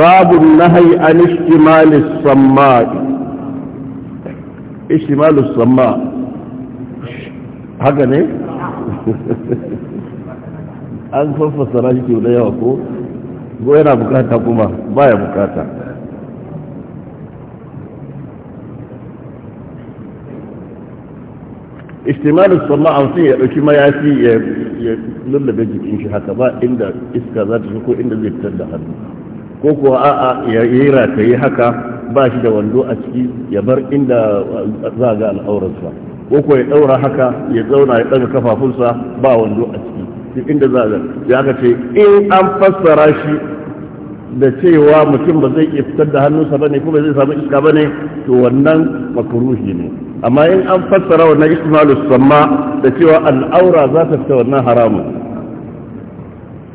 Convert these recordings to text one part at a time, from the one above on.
babu nahai an ishtimalis samma ishtimalis samma haka ne an farfasara shi ke da yawa ko yana bukata kuma baya bukata istimalin sama a mutum ya ɗauki mayafi ya lullube jikin shi haka ba inda iska za ta ko inda zai fitar da hannu ko kuwa a'a ya yi rataye haka ba shi da wando a ciki ya bar inda za ga al'aurarsa ko kuwa ya ɗaura haka ya zauna ya ɗaga kafafunsa ba wando a ciki duk inda za ga ya ka ce in an fassara shi da cewa mutum ba zai iya fitar da hannunsa ba ne kuma zai samu iska ba ne to wannan makuruhi ne amma in an fassara wannan ismalu samma da cewa al'aura za ta fita wannan haramun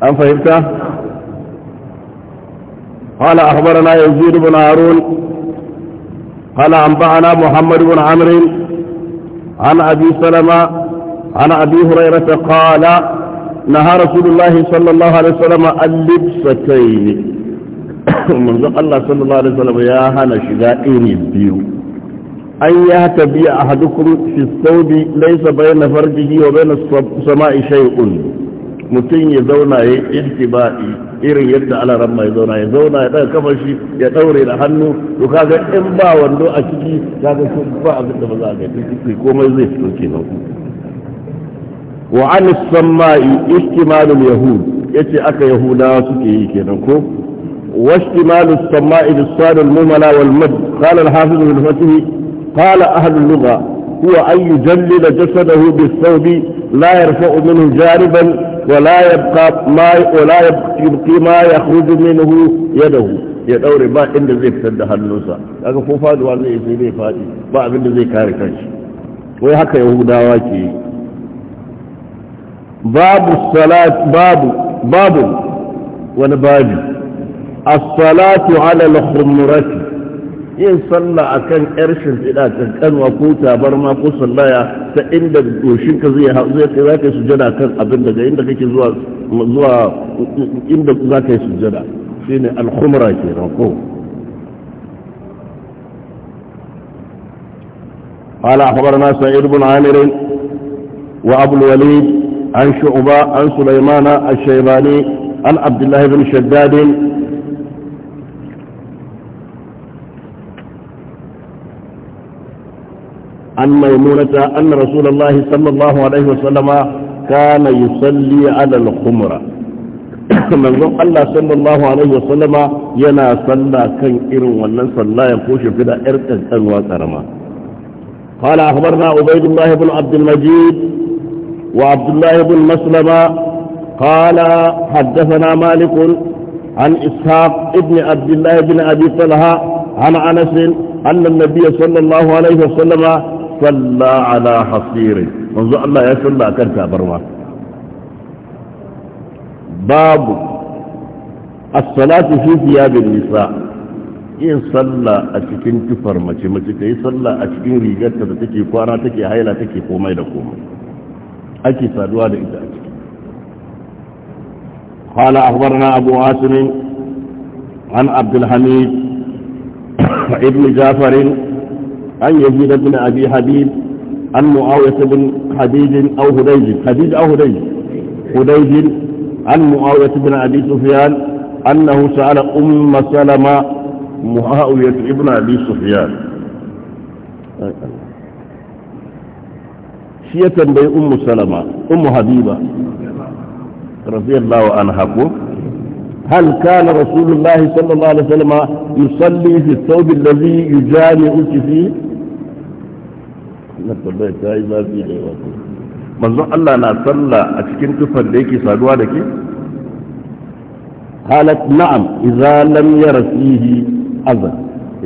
an fahimta قال أخبرنا يزيد بن هارون قال أنبأنا محمد بن عمرو عن أبي سلمة عن أبي هريرة قال نهى رسول الله صلى الله عليه وسلم اللبستين منذ الله صلى الله عليه وسلم يا هنا شدائين البيو أن يهتبي أحدكم في الثوب ليس بين فرجه وبين السماء شيء mutum ya zauna ya yi intiba'i irin yadda alaran mai zauna ya zauna ya daga kamar shi ya daure da hannu to kaga in ba wando a ciki kaga shi ba abin da ba za a ga ciki komai zai fito kenan wa an samai istimalul yahud yace aka yahudawa suke yi kenan ko wa samai واشتمال السماء بالصاد المملى والمد قال الحافظ بن فتح قال lugha huwa هو أن jasadahu bis thawbi la yarfa'u minhu jariban ولا يبقى ما ولا يبقى ما يخرج منه يده يدور ما عند زي فد هالنوسا لكن فو فاد والله يصير فادي ما عند زي كاركش ويحكى يهودا واجي باب الصلاة باب باب ونباجي الصلاة على الخمرة yin sallah a kan yar shimfiɗa kankanwa ko tabarma ko sallaya ta inda doshinka zai zai kai za ka yi sujada kan abin daga inda kake zuwa zuwa inda za ka yi sujada shine ne alhumra ke rako قال أخبرنا سعيد بن عامر وأبو الوليد عن شعبة عن سليمان الشيباني عن عبد الله بن شداد عن ميمونة أن رسول الله صلى الله عليه وسلم كان يصلي على الخمرة manzon Allah الله alaihi wa sallama yana salla kan irin wannan salla ya koshe fida yar kankanwa karama قال أخبرنا عبيد الله بن عبد المجيد وعبد الله بن مسلمة قال حدثنا مالك عن إسحاق ابن عبد الله بن أبي طلحة عن أنس أن النبي صلى الله عليه وسلم salla ala hasiri manzo Allah ya salla kan tabarma babu as-salatu fi thiyabil nisa yin salla a cikin tufar mace mace ta yi salla a cikin rigarta da take kwana take haila take komai da komai ake saduwa da ita a ciki قال أخبرنا أبو عاصم عن عبد الحميد ابن jafarin. عن يزيد بن أبي حبيب عن معاوية بن حديد أو هديج حديد أو هديج هديج عن معاوية بن أبي سفيان أنه سأل أم سلمة معاوية ابن أبي سفيان شيء ya tambayi أم salama ummu habiba radiyallahu anha هل كان رسول الله صلى الله عليه وسلم يصلي في الثوب الذي يجامع فيه na tambaya ta yi zafi da yawa ko Allah na sallah a cikin tufar da yake saduwa da ke halat na'am idza lam yara fihi azan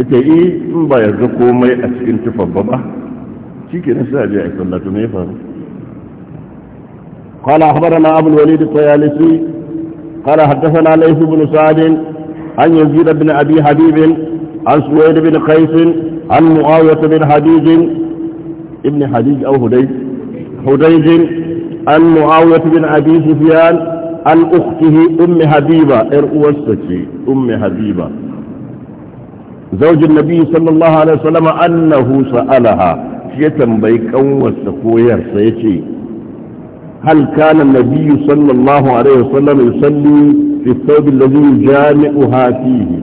ita yi eh, in ba ya komai a cikin tufar ba ba shike ne sai a je to me faru قال أخبرنا أبو الوليد الطيالسي قال حدثنا بن سعد عن يزيد بن حبيب عن سويد بن قيس عن بن ابن حديج أو هديج هديج عن معاوية بن أبي سفيان عن أخته أم حبيبة إرؤوستك أم حبيبة زوج النبي صلى الله عليه وسلم أنه سألها shi tambayi kanwarsa ko yarsa ya ce hal kana nabiyyu sallallahu alaihi wasallam yusalli fi thawb alladhi jami'uha fihi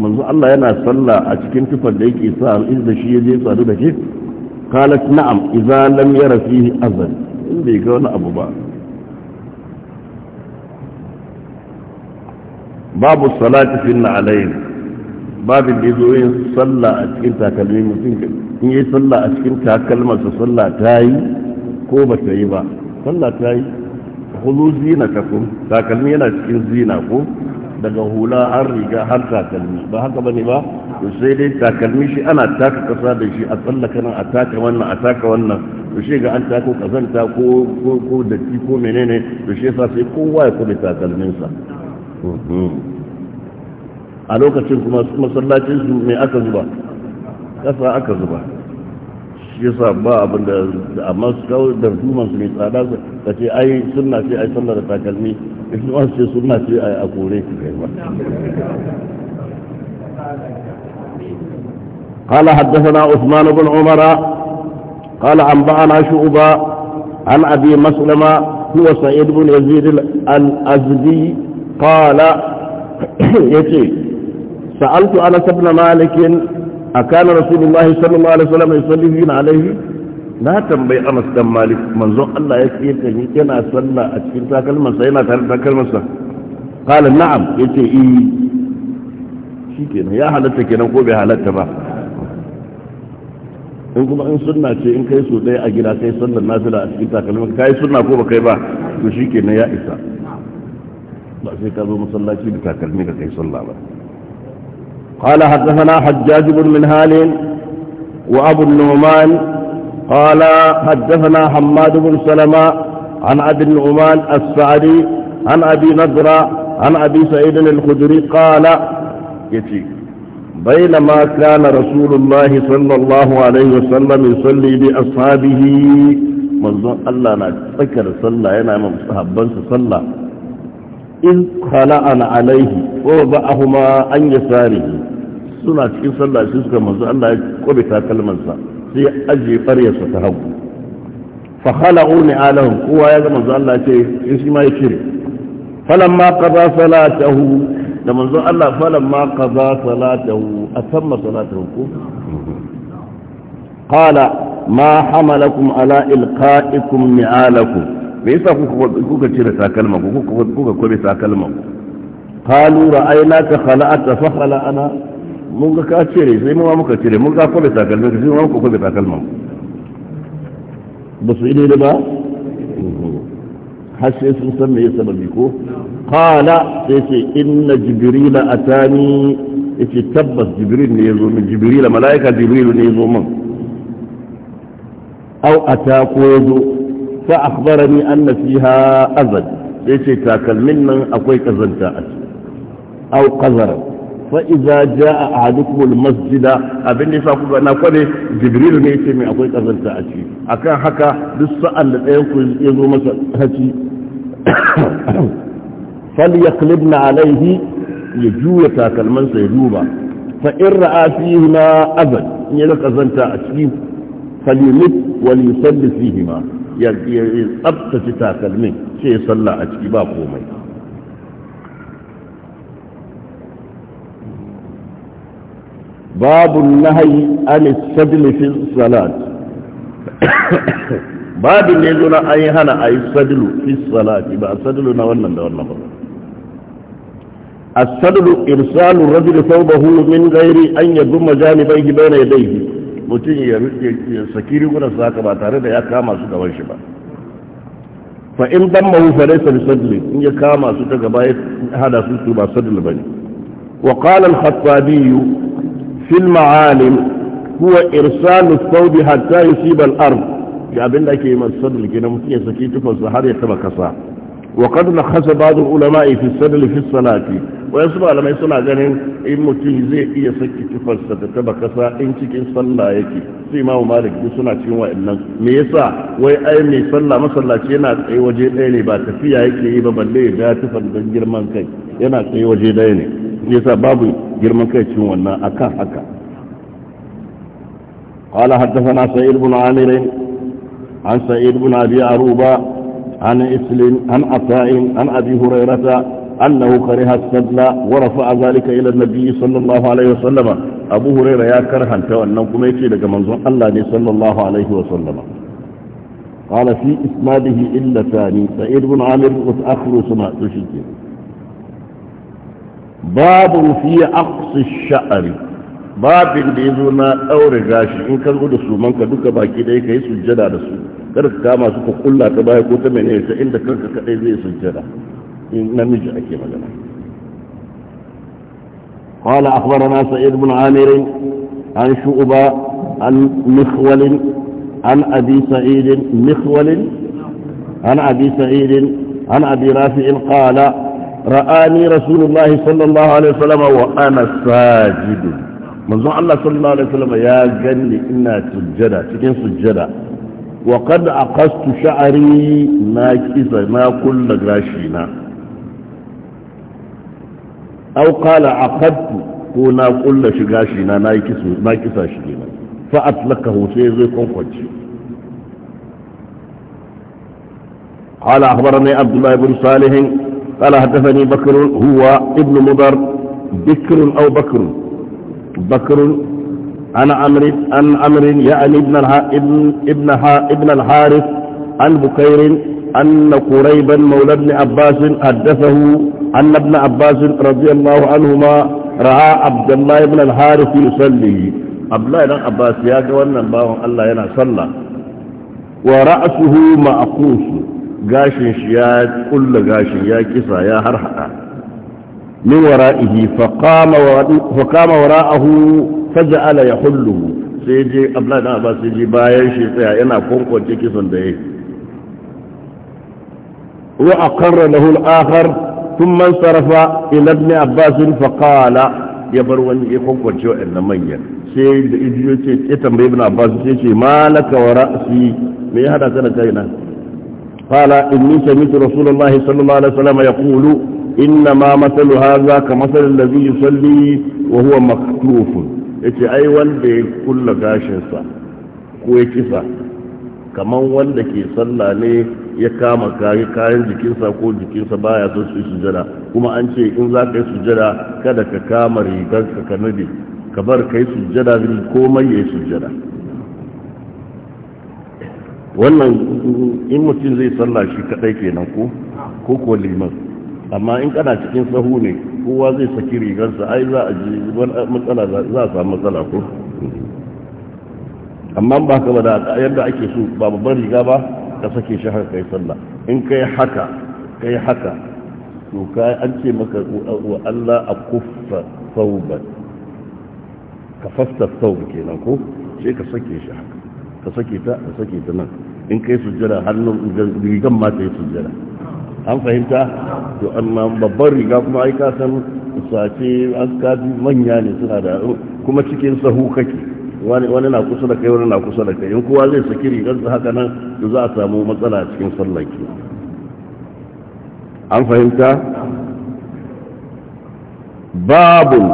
manzo Allah yana salla a cikin tufar da yake sa al'izza shi yaje sadu da shi قالت نعم إذا لم ير فيه أذن إني قال أبو بكر باب الصلاة في النعلين باب الإذوين صلى أسكن تاكلمين مسلم إن يصلى أسكن تاكلمة صلى تاي كوبة تايبا صلى تاي خذوا زينتكم تاكلمين أسكن زينكم daga hula har riga har takalmi ba haka bane ba to sai dai takalmi shi ana taka kasa da shi a tsallaka nan a taka wannan a taka wannan to shi ga an tako kazanta ko ko ko datti ko menene to shi yasa sai kowa ya kuma sa. Mhm. a lokacin kuma masallacin su mai aka zuba kasa aka zuba shi yasa ba abin da amma su kawo da duman su mai tsada ta ce ai sunna ce ai sallar da takalmi in wasu ce sunna ce ai a kore ki kai ba قال حدثنا عثمان بن عمر قال أنبأنا شعبا عن أبي مسلمة هو سعيد بن يزيد الأزدي قال يتي سألت أنس بن مالك أكان رسول الله صلى الله عليه وسلم يصلي يصلين عليه لا تنبي أنس بن مالك من زوء الله يكفير كنا صلى أتفير تاكل من سينا تاكل من قال نعم يتي إيه يا حالتك نقول بحالتك بحالتك in kuma in sunna ce in kai so ɗaya a gida kai sallar nafila a cikin takalmin kai sunna ko ba kai ba to shi ke na ya isa ba sai ka zo masallaci da takalmi ka kai sallah ba قال حدثنا حجاج بن من هال وأبو النعمان قال حدثنا حماد بن سلمة عن أبي النعمان السعدي عن أبي نضرة عن أبي سعيد الخدري قال يتيك بينما كان رسول الله صلى الله عليه وسلم يصلي بأصحابه منظر الله أنا أتذكر صلى أنا من صحبان صلى إذ خلعنا عليه ووضعهما عن يساره suna cikin sallah sai suka manzo Allah ya kobe takalmansa sai ya aje ta hagu fa khala'u ni alahum kowa ya ga manzo Allah ce ya cire salatahu da manzon Allah falan ma qaza salatahu atamma salatahu ko qala ma hamalakum ala ilqaikum ni'alakum me yasa kuka kuka cire sakalma ku kuka kuka kobe takalman ku qalu ra'aynaka khala'ata fa khala'ana mun ga ka cire sai mu muka cire mun ga kobe takalman sai mu muka kobe takalman ba su ile da ba هل سيسمي سبب يكون قال إن جبريل أتاني إتي تبس جبريل نيزو من جبريل ملايكة جبريل نيزو من أو أتاك ويزو فأخبرني أن فيها أذن سيسي تاكل منا أكويك أذن تاعت أو قذر fa idza jaa ahadukum masjida abin da ku ga na ne jibril ne yace mai akwai kazanta a ciki akan haka duk sa'an da ɗayan ku ya zo masa haci falyaqlibna alaihi ya juya takalmansa ya duba fa in ra'a fihima azan in ya kazanta a ciki yumit wal yusalli ma ya tsabtace takalmin sai ya salla a ciki ba komai باب النهي عن السجن في الصلاة باب نزول أي هنا أي سجل في الصلاة يبقى سجل نوالا دوالا بقى السجل إرسال الرجل ثوبه من غير أن يضم جانبيه بين يديه متين يسكير يقول الساقة باتارد يا كاما سكا وشبا فإن ضمه فليس بسدل إن كاما سكا بايت هذا سجل بسجل بني وقال الخطابي في المعالم هو إرسال الثوب حتى يصيب الأرض جابين لك من الصدل كنا ممكن يسكي تفصل يتبقى كما وقد لخص بعض العلماء في الصدل في الصلاة wasu malamai suna ganin in mutum zai iya saki tufarsa da taba kasa in cikin sallah yake su imamu malik duk suna cikin wa'annan me yasa wai ai mai sallah masallaci yana tsaye waje ɗaya ne ba tafiya yake yi ba balle ya da tufar don girman kai yana tsaye waje ɗaya ne me yasa babu girman kai cikin wannan akan haka قال حدثنا سعيد بن عامر عن سعيد بن ابي عروبه عن اسلم عن عطاء عن ابي هريره أنه كره السدل ورفع ذلك إلى النبي صلى الله عليه وسلم أبو هريرة يا كرها كأنه كما يتي لك منظر الله صلى الله عليه وسلم قال في إسناده إلا ثاني سعيد بن عامر وتأخر سماء تشكي باب في أقص الشعر babin da ya zo na ɗaure gashi in ka zo da su manka duka baki ɗaya ka yi sujjada da su kar ka kama su ka kulla ta baya ko ta menene ta inda kanka kaɗai zai sujjada namiji ake magana قال أخبرنا سعيد بن عامر عن شؤبة عن مخول عن أبي سعيد مخول عن أبي سعيد عن أبي رافع قال رآني رسول الله صلى الله عليه وسلم وأنا ساجد منذ الله صلى الله عليه وسلم يا جني إنا سجدة تكين سجدة وقد أقصت شعري ما كذا ما كل قراشينا أو قال عقدت هنا قلنا شغاشنا نايكسا شغينا فأطلقه سيزي كنفجي قال أخبرني عبد الله بن صالح قال حدثني بكر هو ابن مضر بكر أو بكر بكر عن أمر عن أمر يعني ابن ابن ابن الحارث عن بكير أن قريبا مولى ابن عباس حدثه أن ابن عباس رضي الله عنهما رأى عبد الله بن الحارث يصلي عبد الله بن عباس يا جوانا باهم الله ينا صلى ورأسه معقوس gashin shi ya kulla gashin ya kisa ya harhaɗa min wara'ihi faƙama wara'ahu faja'ala ya hullu sai je abla da ba sai je bayan shi tsaya yana kwankwanci kisan da yai. وأقر له الآخر ثم انصرف إلى ابن عباس فقال يا يبرون يقوم وجوع النمية سيد إجيوتي يتم ابن عباس سيشي ما لك ورأسي من هذا سنتين قال إني سمعت رسول الله صلى الله عليه وسلم يقول إنما مثل هذا كمثل الذي يصلي وهو مكتوف yace ai wanda ya kulla gashinsa ko ya kisa kaman wanda ke sallah ne ya kama kayan jikinsa ko jikinsa baya son su sujada kuma an ce in za ka yi sujada kada ka kama rigar ka nade ka bar ka yi sujada komai ya yi sujada wannan in mutum zai sallah shi kadai kenan ko ko ko liman amma in kana cikin sahu ne kowa zai saki rigarsa ai za a ji matsala za a samu matsala ko amma ba ka ba da yadda ake so ba babban riga ba ka sake shi haka kai sallah in kai haka kai haka to kai an ce maka wa Allah a kuffa sauban ka fasta sauban kenan ko sai ka sake shi haka ka sake ta ka sake ta nan in kai sujjada hannun rigan ma ta yi sujjada an fahimta to amma babban riga kuma ai ka san sace an kaji manya ne suna da kuma cikin sahu kake wani na kusa da kai wani na kusa da kai in kowa zai saki rigarsa haka nan da za a samu matsala cikin sallah ke an fahimta babun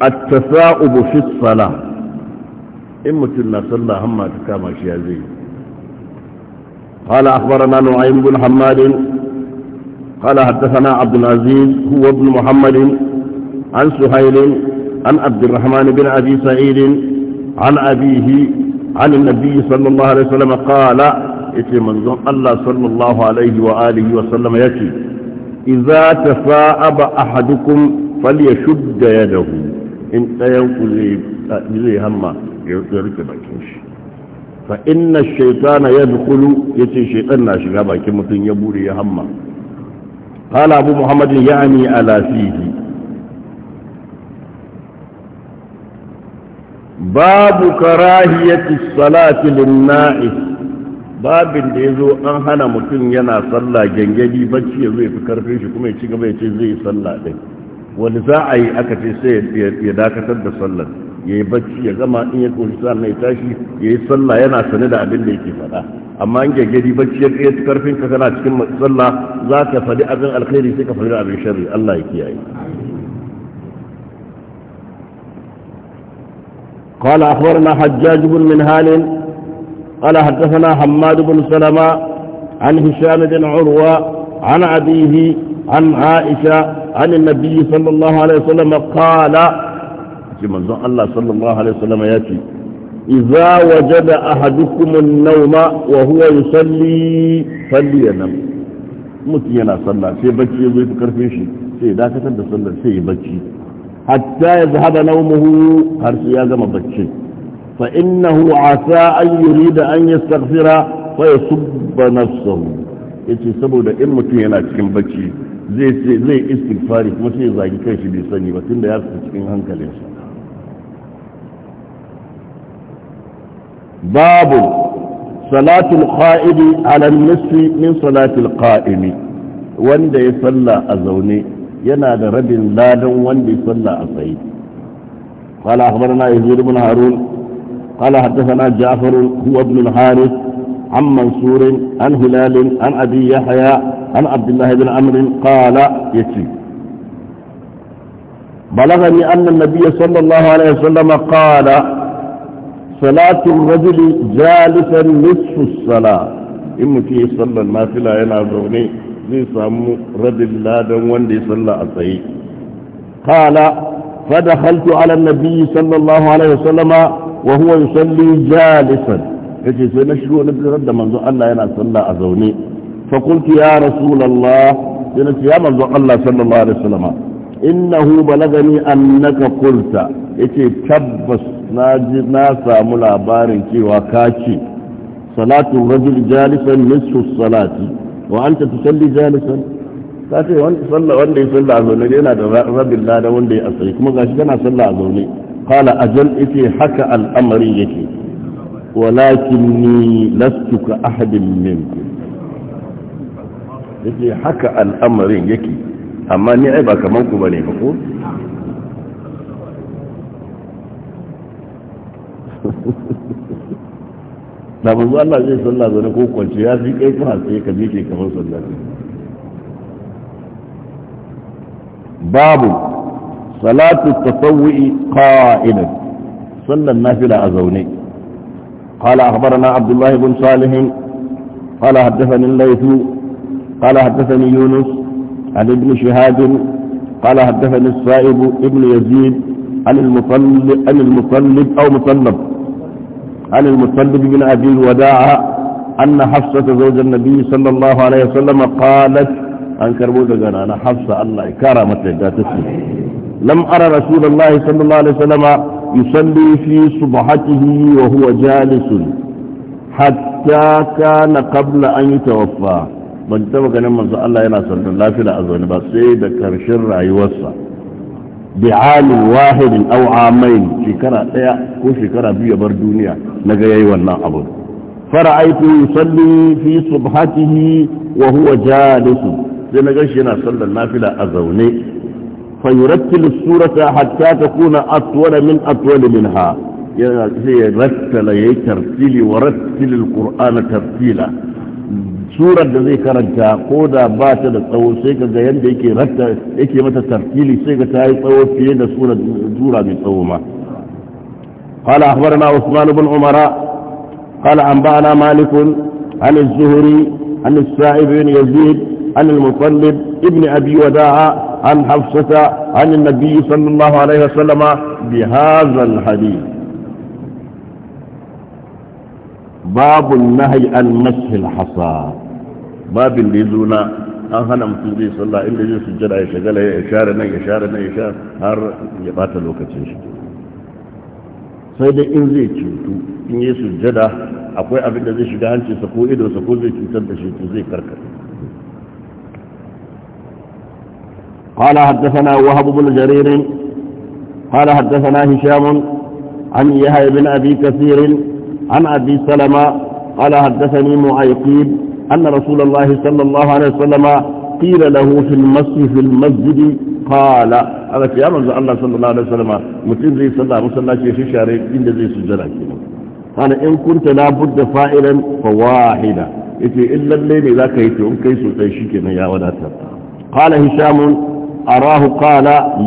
at-tasa'ubu fi salah in mutum na sallah hamma ta kama shi ya zai قال أخبرنا نعيم بن حماد قال حدثنا عبد العزيز هو ابن محمد عن سهيل عن عبد الرحمن بن أبي سعيد عن أبيه عن النبي صلى الله عليه وسلم قال من منظم الله صلى الله عليه وآله وسلم يتي إذا تفاءب أحدكم فليشد يده إن ينقل زي هم يرك بكيش فإن الشيطان يدخل يتي شيطان ناشي غابا كمتن يبوري هم قال أبو محمد يعني على فيه babu karahiyati salati linna'is babin da yazo an hana mutum yana sallah gangadi bacci ya fi karfin shi kuma ya ci gaba ya ce zai yi sallah din wani za a yi aka ce sai ya dakatar da sallar ya yi bacci ya gama in ya koshi sannan ya tashi ya yi sallah yana sane da abin da yake faɗa amma in gangadi bacci ya ci karfin ka kana cikin sallah za ka faɗi abin alkhairi sai ka faɗi abin shari'a Allah ya kiyaye قال أخبرنا حجاج بن منهال قال حدثنا حماد بن سلمة عن هشام بن عروة عن أبيه عن عائشة عن النبي صلى الله عليه وسلم قال من الله صلى الله عليه وسلم يأتي إذا وجد أحدكم النوم وهو يصلي فلينم متي yana sallah sai bacci ya zo ya fi karfin shi sai dakatar da sallar sai ya bacci hatta ya zahaba na har sai ya gama bacci fa innahu asa an yurida an yastaghfira fa yasubba nafsahu yace saboda in mutum yana cikin bacci zai zai istighfari kuma sai zagi kanshi bai sani ba tunda ya fita cikin hankalinsa babu salatul qa'idi ala nisfi min salatul qa'imi wanda ya salla a zaune yana da rabin ladan wanda ya salla a tsaye قال أخبرنا يزيد بن هارون قال حدثنا جعفر هو ابن الحارث عن منصور عن هلال عن أبي يحيى عن عبد الله بن عمرو قال يتي بلغني أن النبي صلى الله عليه وسلم قال صلاة الرجل جالسا نصف الصلاة إن في صلى النافلة ينعذوني zai samu rabin ladan wanda ya salla a tsaye kala fada haltu ala nabi sallallahu alaihi wasallama wa huwa yusalli jalisan yace sai na shigo na birar da manzon Allah yana salla a zaune fa qultu ya rasulullah yana ce ya manzon Allah sallallahu alaihi wasallama innahu balagani annaka qulta yace tabbas na ji na samu labarin cewa ka ce salatu rajul jalisan nisfu salati wa anta tusalli jalisan ka ce wanda sallah wanda ya sallah a zaune yana da rabin lada wanda ya asali kuma gashi tana sallah a zaune qala ajal ite haka al'amari yake walakin ni lastu ka ahadin minkum yake haka al'amarin yake amma ni ai ba kaman ku bane ba ko da manzo Allah zai sallah zaune ko kwance ya fi kai kuna sai ka miƙe kamar sallah babu salatu tasawwi qa'idan sallan nafila a zaune قال أخبرنا عبد الله بن صالح قال حدثني الليث قال حدثني يونس عن ابن شهاد قال حدثني السائب ابن يزيد عن المطلب, عن المطلب أو مطلب عن المطلب بن أبي الوداع أن حفصة زوج النبي صلى الله عليه وسلم قالت أن كربوت قال أنا حفصة الله كرمت لا تسمع لم أرى رسول الله صلى الله عليه وسلم يصلي في صبحته وهو جالس حتى كان قبل أن يتوفى ban taba ganin manzo Allah yana sallar lafiya a zaune ba sai da karshen rayuwarsa بعام واحد أو عامين في شكرا ايه وشكرا بيبر دنيا نجي والله أيوة أبو فرأيته يصلي في صبحته وهو جالس زي لنجشنا صلى النافلة أزوني فيرتل السورة حتى تكون أطول من أطول منها يعني رتل يترتيل ورتل القرآن ترتيلا surar da zai karanta ko da ba ta da tsawo sai ka ga yadda yake ratta yake mata tartili sai ka ta yi tsawo fiye da mai tsawo ma قال أخبرنا عثمان بن عمر قال أنبأنا مالك عن الزهري عن السائب بن يزيد عن المطلب ابن أبي وداع عن حفصة عن النبي صلى الله عليه وسلم بهذا الحديث باب النهي عن مسح الحصى babin da ya zo na an hana mutum zai salla inda zai sujjada ya shagala ya share nan ya share nan ya share har ya bata lokacin shi sai dai in zai cutu in yi sujjada akwai abin da zai shiga hanci sa ko sa ko zai cutar da shi to zai karkata قال حدثنا وهب بن جرير قال حدثنا هشام عن يحيى بن ابي كثير عن ابي سلمه قال حدثني معيقيب أن رسول الله صلى الله عليه وسلم قيل له في المسجد في المسجد قال هذا في أمر الله صلى الله عليه وسلم متين زي صلى الله عليه وسلم في شهر إن زي سجلك قال إن كنت لابد فائلا فواحدة إتي إلا الليل إذا كيت أم كيس تيشيك يا تبقى قال هشام أراه قال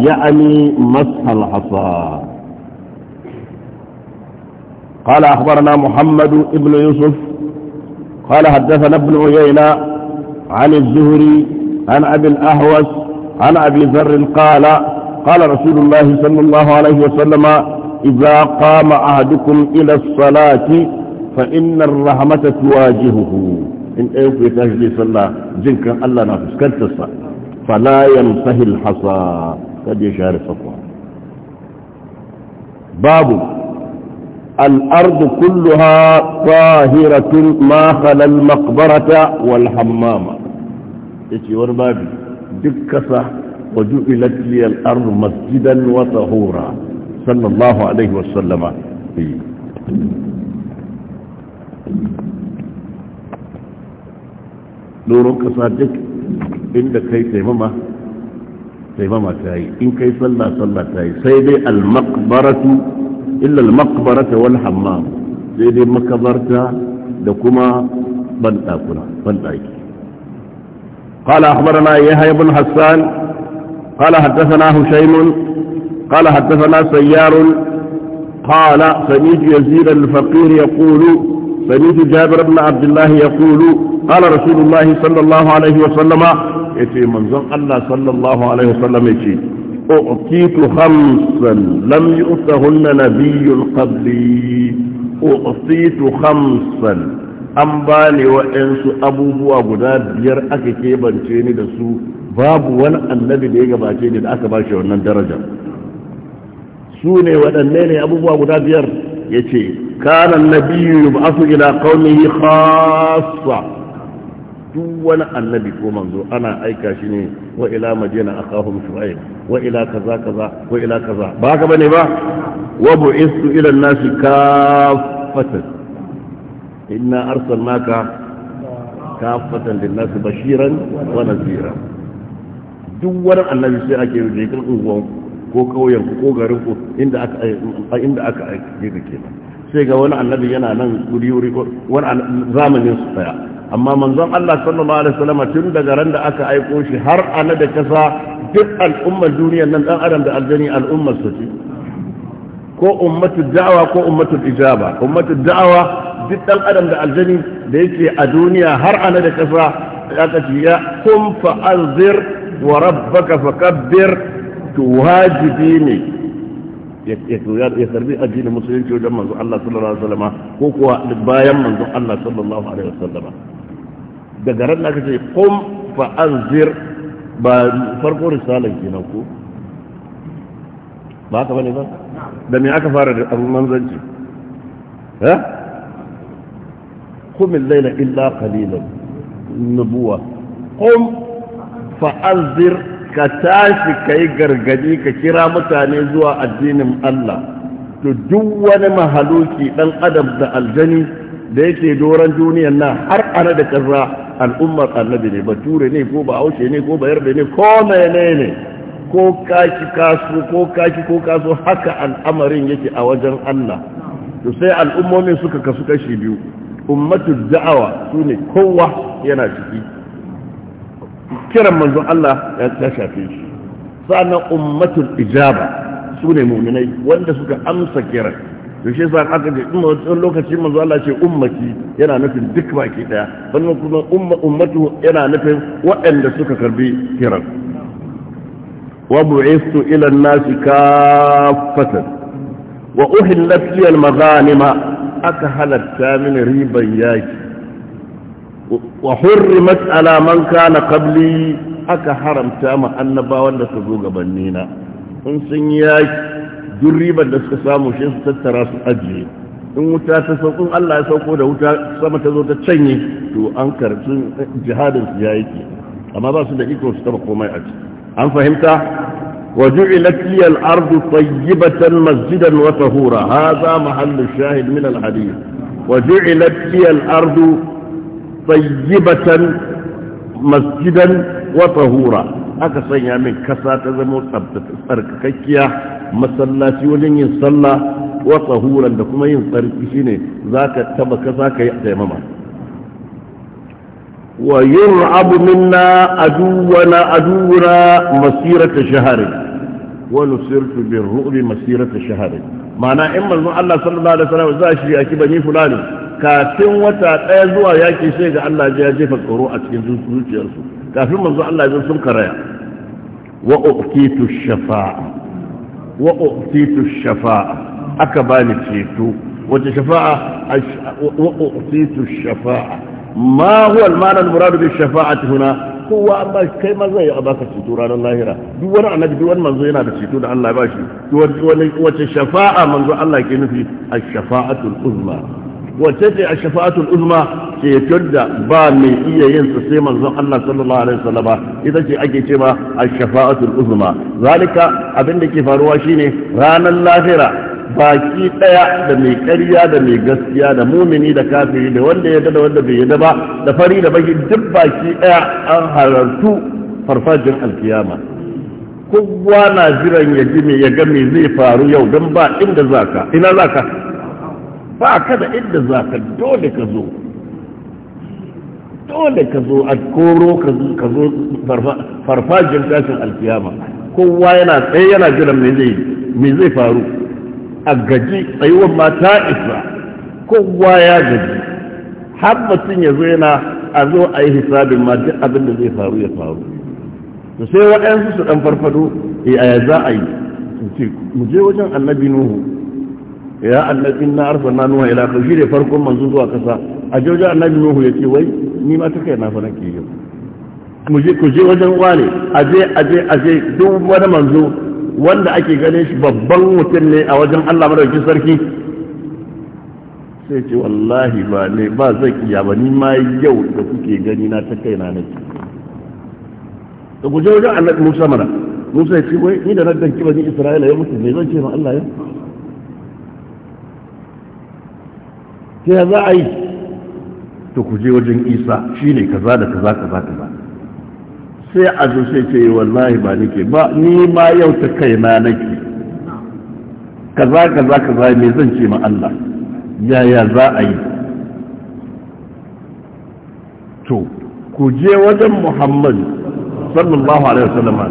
يعني مسح العصا قال أخبرنا محمد ابن يوسف قال حدثنا ابن عيينة عن الزهري عن أبي الأهوس عن أبي ذر قال قال رسول الله صلى الله عليه وسلم إذا قام أحدكم إلى الصلاة فإن الرحمة تواجهه إن أيوك يتجلي صلى جنكا ألا نافس كالتسا فلا ينتهي الحصى قد يشارف الله باب الأرض كلها طاهرة ما خلا المقبرة والحمامة يتي وربابي دكسة وجئلت لي الأرض مسجدا وطهورا صلى الله عليه وسلم doron صادق duk inda تيمما تيمما تاي ان yi صلى صلى تاي sallah المقبره إلا المقبرة والحمام سيدي hammam sai dai makabarta da kuma bandakuna قال أخبرنا يحيى بن حسان قال حدثنا هشيم قال حدثنا سيار قال سميت يزيد الفقير يقول سميت جابر بن عبد الله يقول قال رسول الله صلى الله عليه وسلم يتي منزل الله صلى الله عليه وسلم يتي أعطيت خمسا لم يؤتهن نبي قبلي أعطيت خمسا أم بالي وإنس أبو بو أبو داد بير أكي كيبا تيني دسو باب وان النبي ديگا با تيني دا أكبا شونا درجة سوني وان النيني أبو بو أبو داد بير يتي كان النبي يبعث إلى قومه خاصة duk wani annabi ko manzo ana aika shi ne wa ila madina akahum shu'aib wa ila kaza kaza wa ila kaza ba ka bane ba wa bu'istu ila an-nas kaffatan inna arsalnaka kaffatan lin-nas bashiran wa nadhira duk wani annabi sai ake yi jikin unguwan ko kauyen ko garin ko inda aka inda aka aika kenan sai ga wani annabi yana nan guri wuri wani zamanin su tsaya. amma manzon Allah sallallahu alaihi wasallam tun daga ran da aka aiko shi har ana da kasa duk al'ummar duniyar nan dan adam da aljani al'ummar su ce ko ummatu da'awa ko ummatu ijaba ummatu da'awa duk dan adam da aljani da yake a duniya har ana da kasa aka ce ya kun fa anzir wa rabbaka fakabbir to wajibi ne ya karbi addinin musulunci wajen manzo Allah sallallahu alaihi wasallam ko kuwa bayan manzo Allah sallallahu alaihi wasallam daga ran aka ce qum fa anzir ba farko risalar kenan ko ba ka bane ba da me aka fara da abu manzanci ha qum al illa qalilan nubuwa qum fa anzir ka tashi kai gargadi ka kira mutane zuwa addinin Allah to duk wani mahaluki dan adam da aljani da yake doron duniyar nan har ana da karra al'ummar annabi ne bature ne ko ba Aushe ne ko ba yarda ne ko mene ne ko kaki kasu ko kaki ko kasu haka al'amarin yake a wajen Allah to sai al'ummomin suka kasu kashi biyu ummatul da'awa sune kowa yana ciki kiran manzon Allah ya shafe shi sannan ummatul ijaba sune mu'minai wanda suka amsa kiran to shi yasa aka ce in wani lokaci manzo Allah ce ummati yana nufin duk baki daya sannan kuma umma ummatu yana nufin waɗanda suka karbi kiran wa bu'istu ila an-nasi kaffatan wa uhillat li al-maghanim aka halatta min riban yaki wa hurrimat ala man kana qabli aka haramta ma annabawan da su zo gabanni na in sun yaki duk ribar da suka samu shi su tattara su ajiye in wuta ta sauko Allah ya sauko da wuta sama ta zo ta canye to an karci jihadin su yayi ke amma ba su da iko su taba komai a ciki an fahimta wa ju'ilat li al-ard tayyibatan masjidan wa tahura hadha mahallu shahid min al-hadith wa ju'ilat li al-ard tayyibatan masjidan wa tahura aka sanya min kasa ta zama tsarkakakkiya masallaci wajen yin salla wa tsahuran da kuma yin tsarki shine ka za ka yi taimama wa yin abu minna aduwana aduna masirata shahari wani sirtu nusirtu rubi masirata shahari ma'ana in manzon Allah sallallahu alaihi wasallam za shi yaki bani fulani kafin wata ɗaya zuwa yaki sai ga Allah ya jefa tsoro a cikin zuciyarsu kafin manzon Allah ya sun karaya wa uqitu shafa'a وأؤتيت الشفاء أكبال تيتو وتشفاء وأؤتيت الشفاعة ما هو المعنى المراد بالشفاعة هنا هو أما كيما زي أباك تيتو رانا الله هنا دوانا عنك دوان من زينا بتيتو الله باشي وتشفاء من زينا الله كينو في الشفاعة الأزمى وتتع شفاعة الأذمة تكد بامي إيا ينسى سيما صلى الله عليه وسلم إذا كي أجي تبا الشفاعة الأذمة ذلك أبن لكي فرواشيني رانا اللاخرة باكي قيا دمي كريا دمي قسيا دمومني دكافي دولي يدد ودد في يدبا دفري لبجي دب باكي قيا أنهررتو فرفاج القيامة كوانا زرن يجمي يجمي زي فارو يو دمبا إن دزاكا إن دزاكا ba ka da inda za ka dole ka zo dole ka zo a koro ka zo farfajin gashin alkiyama kowa yana tsaye yana jiran mai zai faru a gaji tsayuwar mata isa kowa ya gaji har mutum ya zo yana a zo a yi hisabin ma duk abin da zai faru ya faru to sai waɗansu su ɗan farfado eh, ya za a yi mu je wajen annabi nuhu ya annabi arfa na nuha ila kashi da farkon manzo zuwa kasa a jojo annabi nuhu ya ce wai ni ma ta kai na fara ke yi mu je ku je wajen wale aje aje aje duk wani manzo wanda ake ganin shi babban mutum ne a wajen Allah madaukakin sarki sai ce wallahi ba ne ba zai iya ba ni ma yau da kuke gani na ta kai na ne da ku je wajen annabi Musa mana Musa ya ce wai ni da na danki bani Isra'ila ya mutu me zan ce ma Allah ya ta za a yi ta ku je wajen isa shi ne kaza da kaza kaza kaza sai a zo sai ce wallahi ba nake ba ni ma yau ta kai na nake kaza kaza kaza me zan ce ma Allah yaya za a yi to ku je wajen Muhammad sallallahu alaihi wasallam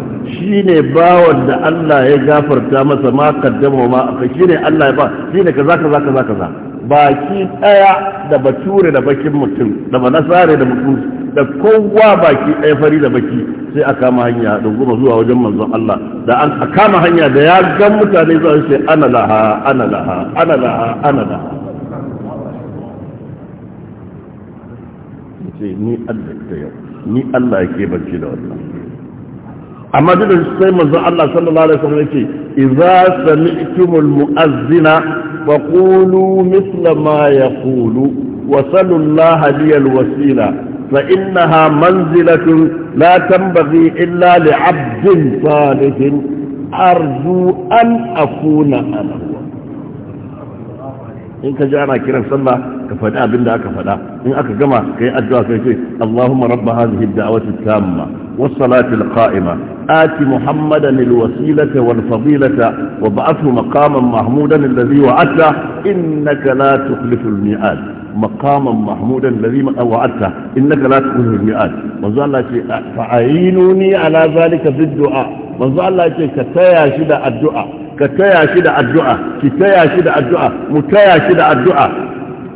ne bawan da Allah ya gafarta masa ma kaddama ma shi ne Allah ya ba shine kaza kaza kaza kaza baki ɗaya da bature da bakin mutum da manasare da mutum da kowa baki ɗaya fari da baki sai a kama hanya da goma zuwa wajen manzon Allah da an kama hanya da ya gan mutane zuwa sai ana laha ana laha ana laha ana laha ni Allah yau, ni Allah ke barci da wannan amma duk da sai manzon Allah sallallahu alaihi wasallam yake idza sami'tumul mu'azzina fa qulu mithla ma yaqulu wa sallallahu liyal wasila fa innaha manzilatun la tanbaghi illa li'abdin salihin arju an akuna ana in ka ji ana kiran sallah ka faɗi abin da aka faɗa in aka gama ka yi addu'a kai ce Allahumma rabba hadhihi ad-da'wati tamma والصلاة القائمة آت محمدا الوسيلة والفضيلة وابعثه مقاما محمودا الذي وعدته إنك لا تخلف الميعاد مقاما محمودا الذي وعدته إنك لا تخلف الميعاد وزال فعينوني على ذلك بالدعاء وزال وظلت كتايا شد الدعاء كتايا شدة الدعاء كتايا شدة الدعاء متايا شدة الدعاء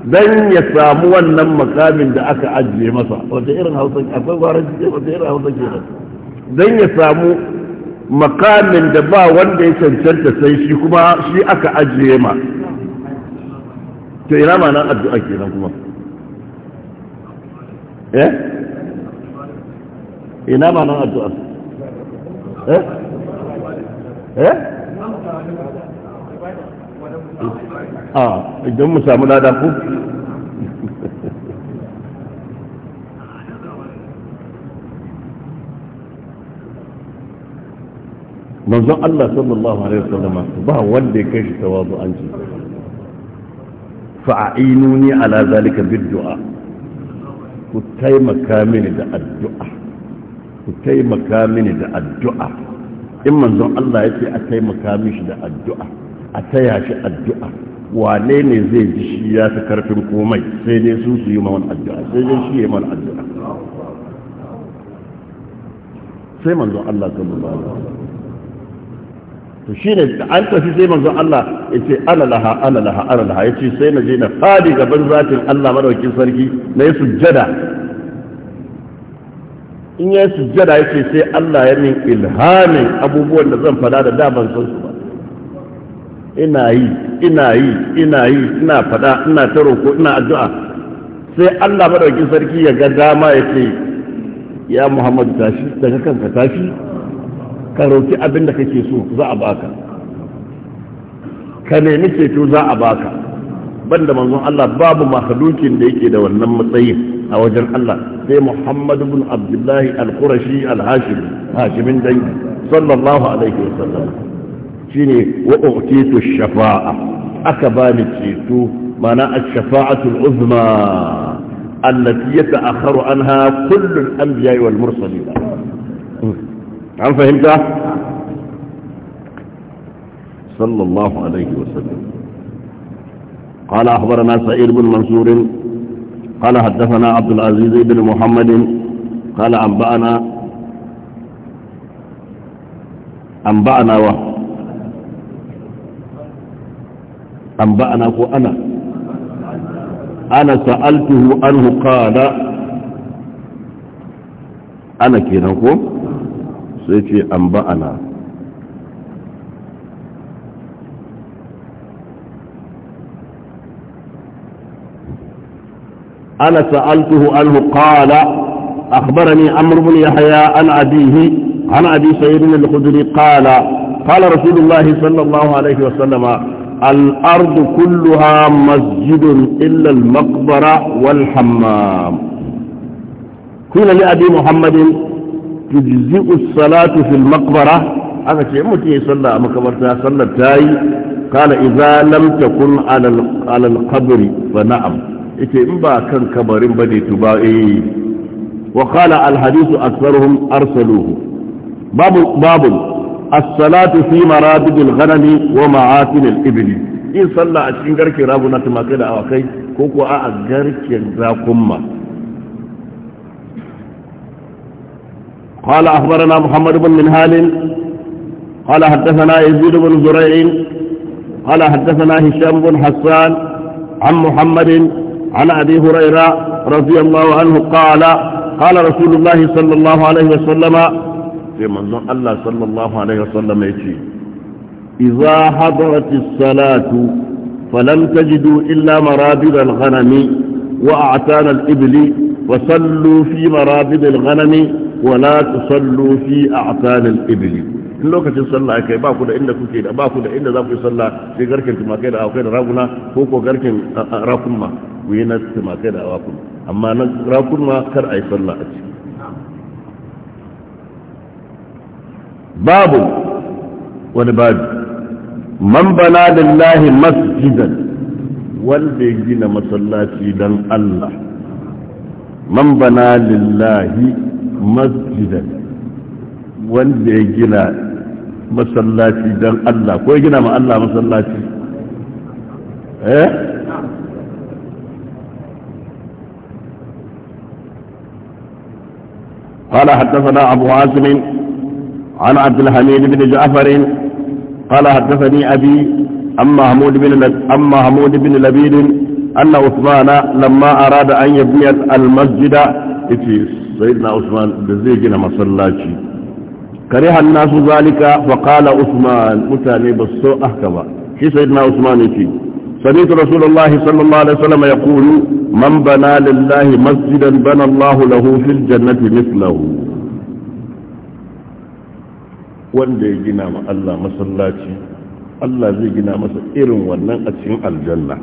dan ya samu wannan makamin da aka ajiye masa wata irin hausa akwai gwaran jike wata irin hausa ke da dan ya samu makamin da ba wanda ya cancanta sai shi kuma shi aka ajiye ma to ina ma nan addu'a kenan kuma eh ina ma nan addu'a eh eh a ah, idan mu samu lada ku manzon Allah sallallahu alaihi wasallam ba wanda ya kai shi tawazu an ji fa'inuni ala zalika biddu'a ku taimaka mini da addu'a ku taimaka mini da addu'a in manzon Allah ya ce a taimaka mishi da addu'a a taya shi addu'a wane ne zai ji shi ya fi karfin komai sai dai su su yi mawan addu'a sai dai shi yi mawan addu'a sai manzon Allah sallallahu alaihi wasallam to ne an tafi sai manzon Allah ce ana laha ana laha ana laha Ya ce sai na je na fadi gaban zatin Allah madaukin sarki na yi sujjada in yi sujjada ce sai Allah ya min ilhamin abubuwan da zan fada da daban san su ba ina yi ina yi ina yi ina fada ina ta roko ina addu'a sai Allah madaukin sarki ya ga dama ya ce ya Muhammadu tashi daga kanka tashi ka roki abin da kake so za a baka ka nemi ceto za a baka banda manzon Allah babu mahalukin da yake da wannan matsayin a wajen Allah sai Muhammad ibn Abdullah al-Qurashi al-Hashimi hashimin dangi sallallahu alaihi wasallam شيني وأغتيت الشفاعة أكباني تسيتو مناء الشفاعة العظمى التي يتأخر عنها كل الأنبياء والمرسلين هل نعم، فهمت؟ صلى الله عليه وسلم قال أخبرنا سعيد بن منصور قال حدثنا عبد العزيز بن محمد قال أنبأنا أنبأنا وحب an ba'ana ko ana ana sa'altuhu anhu qala ana kenan ko sai ce an ba'ana أنا سألته عنه قال أخبرني عمرو بن يحيى عن أبيه عن أبي سعيد الخدري قال قال رسول الله صلى الله عليه وسلم الأرض كلها مسجد إلا المقبرة والحمام قيل لأبي محمد تجزئ الصلاة في المقبرة هذا شيء متي صلى مقبرتها صلى تاي قال إذا لم تكن على على القبر فنعم إتي إمبا كان كبر بدي تبائي وقال الحديث أكثرهم أرسلوه باب باب الصلاة في مرابد الغنم ومعاتن الإبل إن صلى أشين غرك رابنا تماكد أواكي كوكو أغرك راكم قال أخبرنا محمد بن منهال قال حدثنا يزيد بن زريع قال حدثنا هشام بن حسان عن محمد عن أبي هريرة رضي الله عنه قال قال رسول الله صلى الله عليه وسلم sai manzon Allah sallallahu alaihi wasallam ya ce idza hadaratis salatu falam tajidu illa marabid al-ghanami wa a'tana al-ibli wa sallu fi marabid al-ghanami wa la tusallu fi a'tana al-ibli in lokacin sallah ya kai ba ku da inda kuke da ba ku da inda za ku yi sallah sai garken tumakai da akwai da raguna ko ko garken rakunma ku yi na tumakai da awakunma amma na rakunma kar a yi sallah a ciki babu wani babu man bana lillahi masjidan wanda ya gina masallaci don Allah man bana lillahi masjidan wanda ya gina masallaci don Allah ko ya gina ma Allah masallaci eh قال حدثنا أبو عاصم عن عبد الحميد بن جعفر قال حدثني أبي أما حمود بن أما حمود بن لبيد أن عثمان لما أراد أن يبني المسجد سيدنا عثمان بزيجنا مصلاتي كره الناس ذلك وقال عثمان متاني بالسوء أحكم في سيدنا عثمان يتي سمعت رسول الله صلى الله عليه وسلم يقول من بنى لله مسجدا بنى الله له في الجنة مثله wanda ya gina ma Allah masallaci Allah zai gina masa irin wannan a cikin aljanna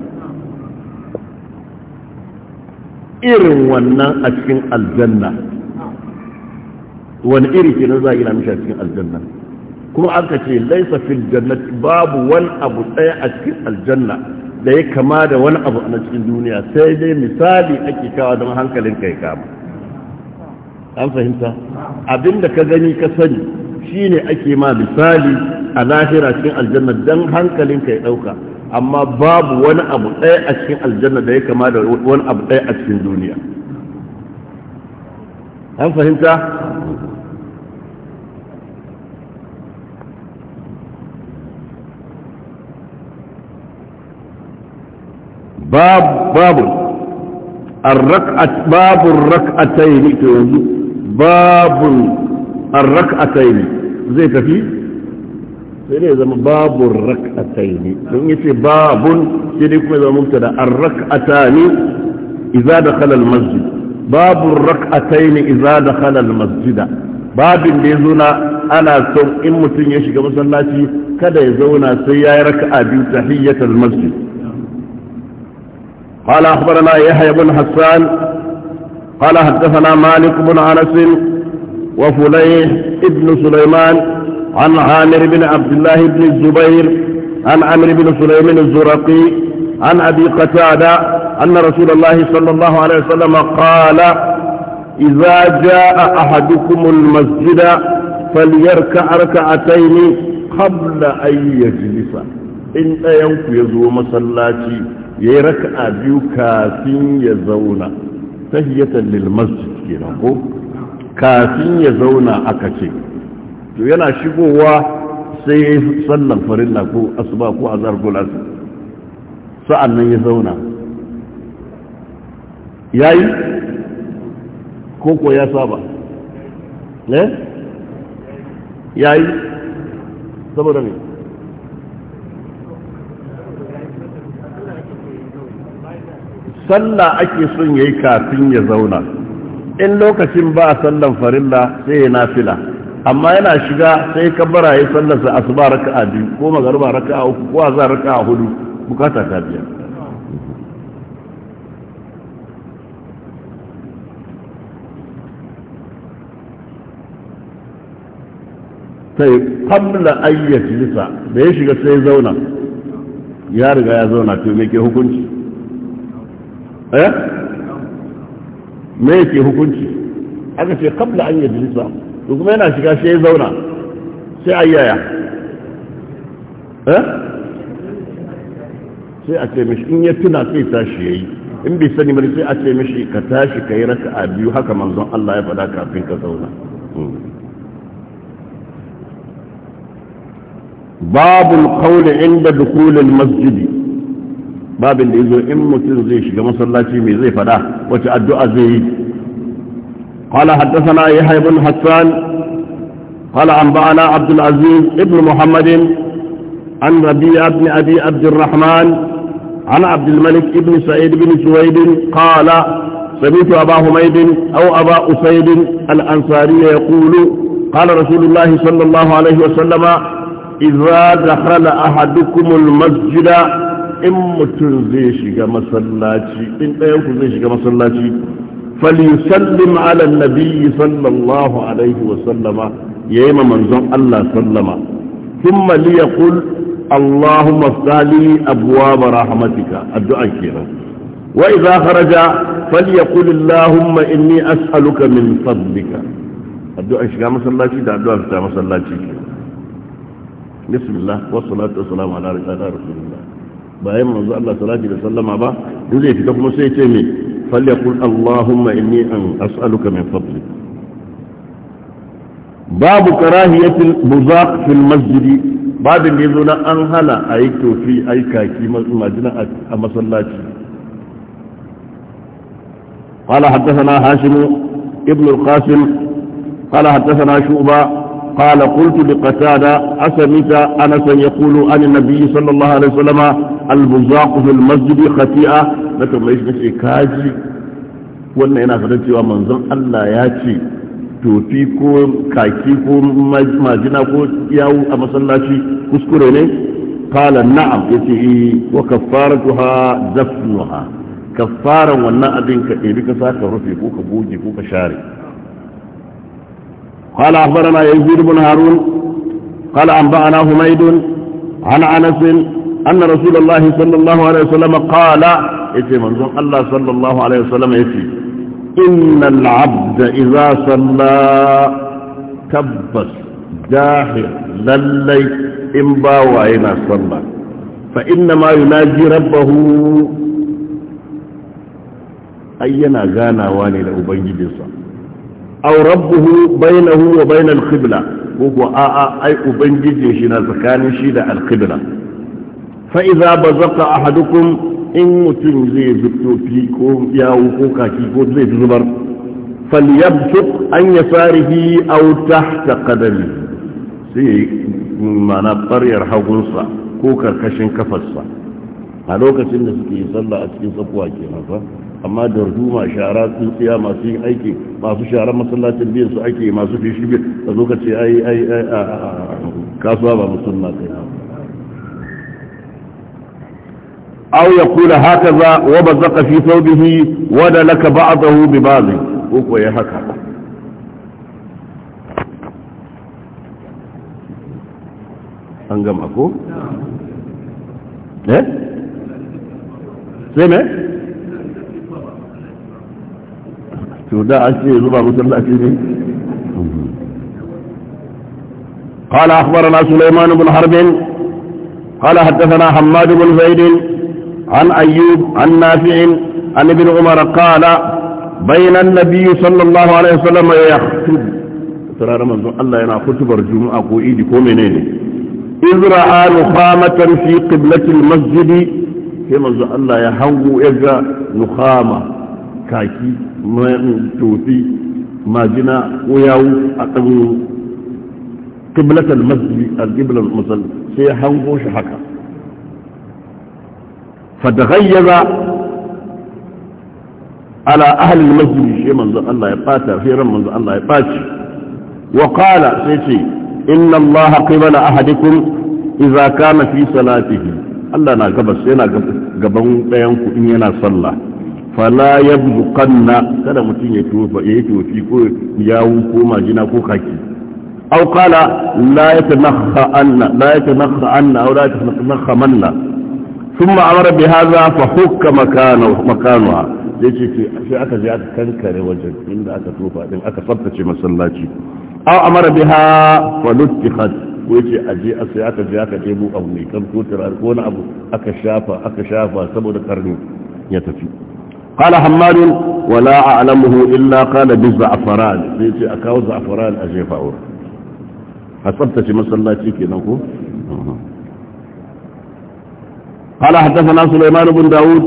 irin wannan a cikin aljanna wani iri ke nan za a gina mishi a cikin aljanna kuma aka ce laisa fil jannati babu wani abu tsaya a cikin aljanna da ya kama da wani abu a cikin duniya sai dai misali ake kawo don hankalin kai kama an fahimta abinda ka gani ka sani shine ake ma misali a lahira cikin aljanna dan hankalinka ya ɗauka amma babu wani abu ɗaya a cikin aljanna da ya kama da wani abu ɗaya a cikin duniya an fahimta Babu babu باب باب الركعة باب الركعتين باب الركعتين زي ففي سيدي زم باب الركعتين لن يتي باب سيدي كم إذا ممتدى الركعتان إذا دخل المسجد باب الركعتين إذا دخل المسجد باب بيزونا أنا سوء إن متن يشك مسلاتي كده يزونا سيارك أبي تحية المسجد قال أخبرنا يحيى بن حسان قال حدثنا مالك بن عنس وفليح ابن سليمان عن عامر بن عبد الله بن الزبير عن عمرو بن سليم الزرقي عن أبي قتادة أن رسول الله صلى الله عليه وسلم قال إذا جاء أحدكم المسجد فليركع ركعتين قبل أن يجلس إن أيوك يزو مسلاتي يركع بيكاسين يزون تهية للمسجد نقول kafin ya zauna aka ce to yana shigowa sai ya yi sallan farilla ko asuba ko azhar ko lasu sa'an nan ya zauna ya yi koko ya saba ne eh? ya yi saboda ne sallah ake son ya yi kafin ya zauna in lokacin ba a sallan farilla sai ya nafila amma yana shiga sai kabbara ya sallarsa asuba raka'a biyu ko magariba raka'a uku ko azhar raka'a hudu bukata ta biya sai qabla an yajlisa da ya shiga sai zauna ya riga ya zauna to me ke hukunci eh me yake hukunci aka ce kabla an yi jilisa to kuma yana shiga shi ya zauna sai ayyaya eh sai a ce mishi in ya tuna sai tashi yi. in bai sani bane sai a ce mishi ka tashi ka yi raka a biyu haka manzon Allah ya faɗa kafin ka zauna hmm. Babu qawli inda dukhulil masjidi babin da yazo in mutum zai shiga masallaci mai zai fada wace addu'a zai yi قال حدثنا يحيى بن حسان قال أنبأنا عبد العزيز ابن محمد عن ربيع بن أبي عبد الرحمن عن عبد الملك بن سعيد بن سويد قال سمعت أبا حميد أو أبا أسيد الأنصاري يقول قال رسول الله صلى الله عليه وسلم إذا دخل أحدكم المسجد in mutum zai shiga masallaci in ɗayan ku zai shiga masallaci fali sallim ala manzon Allah sallama sun mali ya kul bayan manzo Allah sallallahu alaihi wasallama ba duk zai fita kuma sai ya ce me falyakul allahumma inni an as'aluka min fadlik babu karahiyatil buzaq fil masjidi babin da zo na an hana a yi tofi a yi kaki majina a masallaci قال حدثنا هاشم ابن القاسم قال حدثنا شعبه قال قلت لقتادة أسمت أنسا يقول عن النبي صلى الله عليه وسلم البزاق في المسجد خطيئة لكن ما يشمس إكاجي wannan yana fata cewa manzon Allah ya ce tofi ko kaki ko majina ko yawo a masallaci kuskure ne qala na'am yace wa kaffaratuha dafnuha kaffaran wannan abin ka ɗebi ka saka rufe ko ka goge ko ka share قال أخبرنا يزيد بن هارون قال أنبأنا حميد عن أنس أن رسول الله صلى الله عليه وسلم قال إتي منظم الله صلى الله عليه وسلم إتي إن العبد إذا صلى تبس جاهر للي إنبا وإنا صلى فإنما يناجي ربه أينا غانا واني لأبنجي بصلى أو ربه بينه وبين القبلة وهو آآ أي أبنجد يشينا الزكاني شيدا القبلة فإذا بزق أحدكم إن متن زبتو فيكم يا وقوكا كيكود زي زبر فليبتق أن يساره أو تحت قدمه سي ما نضطر يرحق نصا كوكا كشن كفصا هلوكا سنة سكي أسكي صفوا amma da darduma shara tsintsiya masu yin aiki masu shara masallacin biyan su ake masu fi shi da zo ka ce a kasuwa ba musulma kai au ya kula haka za wa ba zaka fi sau bihi da laka zahu bi ba zai? ko ya haka an gama ko eh sai mai? شهداء da an ce zuba قال أخبرنا سليمان بن حرب قال حدثنا حماد بن زيد عن أيوب عن نافع عن ابن عمر قال بين النبي صلى الله عليه وسلم يخطب ترى رمضان الله ينا خطب الجمعة قوئيدي كومينيني إذ رأى نخامة في قبلة المسجد كما الله يهو إذا نخامة kaki tofi, majina ko yawu a ɗan kiblatar masjid a kiblar musalli sai hango shi haka fataghayyaza ala ahalin al-masjid shi manzo Allah ya fata firan manzo Allah ya faci wa qala sai ce inna Allah qibala ahadikum idza kana fi salatihi Allah na gabas yana gaban ɗayan ku in yana sallah fala ya bukanna kada mutum ya tofa ya tofi ko yawun ko majina ko kaki aw qala la yatanakha anna la yatanakha anna aw la yatanakha manna sun amara bi hadha fa hukka makana makanuha yace ce sai aka je aka kankare wajen inda aka tofa din aka tsaftace masallaci aw amara biha fa luttihat ko ce aje a sai aka je aka debo abu mai kan ko tirar ko na abu aka shafa aka shafa saboda karni ya tafi قال حماد ولا أعلمه إلا قال بالزعفران بيتي أكاو زعفران أجيب حسبت حسبتك كي نقول قال حدثنا سليمان بن داود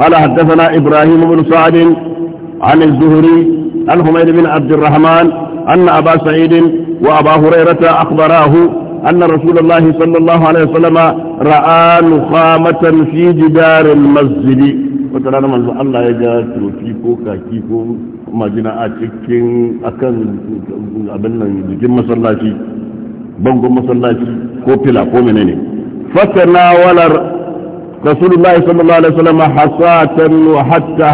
قال حدثنا إبراهيم بن سعد عن الزهري عن حميد بن عبد الرحمن أن أبا سعيد وأبا هريرة أخبراه أن رسول الله صلى الله عليه وسلم رأى نخامة في جدار المسجد wata rana manzo Allah ya ga tofi ko kaki ko majina a cikin akan abin nan jikin masallaci bangon masallaci ko fila ko menene fatana wala rasulullahi sallallahu alaihi wasallam hasatan wa hatta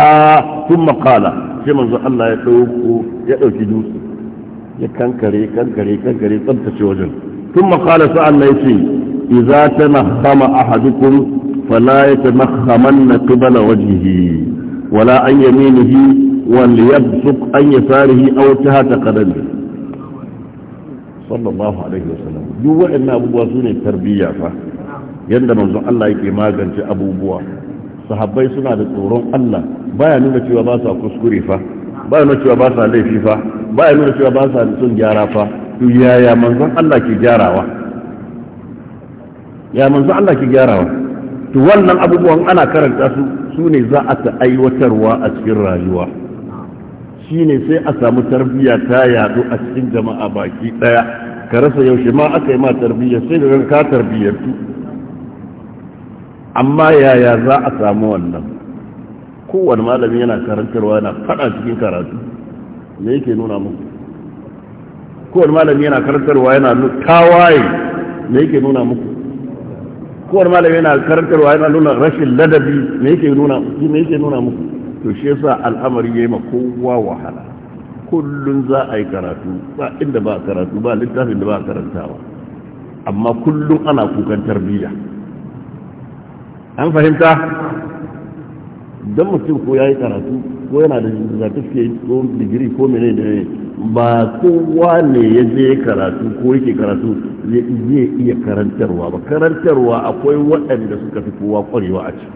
thumma qala sai manzo Allah ya dauko ya dauki dutse ya kankare kankare kankare tsabtace wajen thumma qala sa'an la yace idza tanahama ahadukum فلا يتمخمن قبل وجهه ولا عن يمينه وليبصق عن يساره أو تحت قدمه صلى الله عليه وسلم duk إن abubuwa su ne tarbiyya fa yadda manzon Allah yake magance abubuwa sahabbai suna da tsoron Allah baya nuna cewa ba sa kuskure fa baya nuna cewa ba sa laifi fa baya nuna cewa ba sa son gyara fa to yaya manzon Allah ke gyarawa Allah ke gyarawa to wannan abubuwan ana karanta su su ne za a ta aiwatarwa a cikin rayuwa shi ne sai a samu tarbiyya ta yadu a cikin jama'a baki daya ka rasa yaushe ma aka yi ma tarbiyya sai da ka tarbiyyartu amma yaya za a samu wannan kowane malami yana karantarwa yana fada cikin karatu me yake nuna muku kowane malami yana karantarwa yana tawaye me yake nuna muku kowar malami yana karantarwa yana nuna rashin ladabi me yake nuna me yake nuna muku to shi yasa al'amari yayi ma kowa wahala kullun za a yi karatu ba inda ba karatu ba littafin da ba karantawa amma kullun ana kukan tarbiyya an fahimta don mutum ko ya yi karatu ko yana da certificate ko digiri ko mene da ne ba kowa ne ya je karatu ko yake karatu zai iya karantarwa ba karantarwa akwai waɗanda suka fi kowa kwarewa a ciki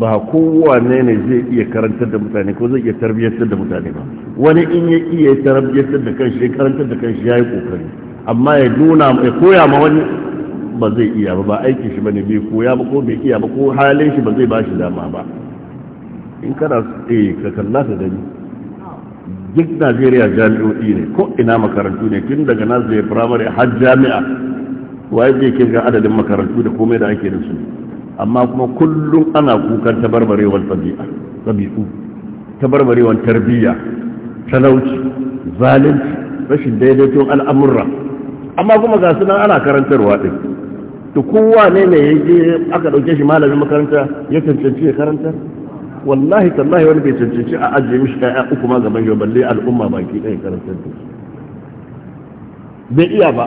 ba kowa ne ne zai iya karantar da mutane ko zai iya tarbiyyar da mutane ba wani in ya iya tarbiyyar da kanshi ya karantar da kanshi ya yi kokari amma ya nuna ya koya ma wani ba zai iya ba ba aikin shi ne bai koya ba ko bai iya ba ko halin shi ba zai ba shi dama ba in kana e ka kalla da ni. duk Najeriya jami'o'i ne ko ina makarantu ne tun daga nazari firamare har jami'a waye zai ke ga adadin makarantu da komai da ake da su amma kuma kullum ana kukan tabarbarewar tabi'a tabi'u tabarbarewar tarbiyya talauci zalunci rashin daidaiton al'amurra amma kuma ga sunan ana karantarwa din to kowa ne ne yake aka ɗauke shi malamin makaranta ya cancanci ya karantar wallahi tallahi wani bai cancanci a ajiye mishi kayan uku ma gaban yau balle al'umma baki ɗaya karantar da bai iya ba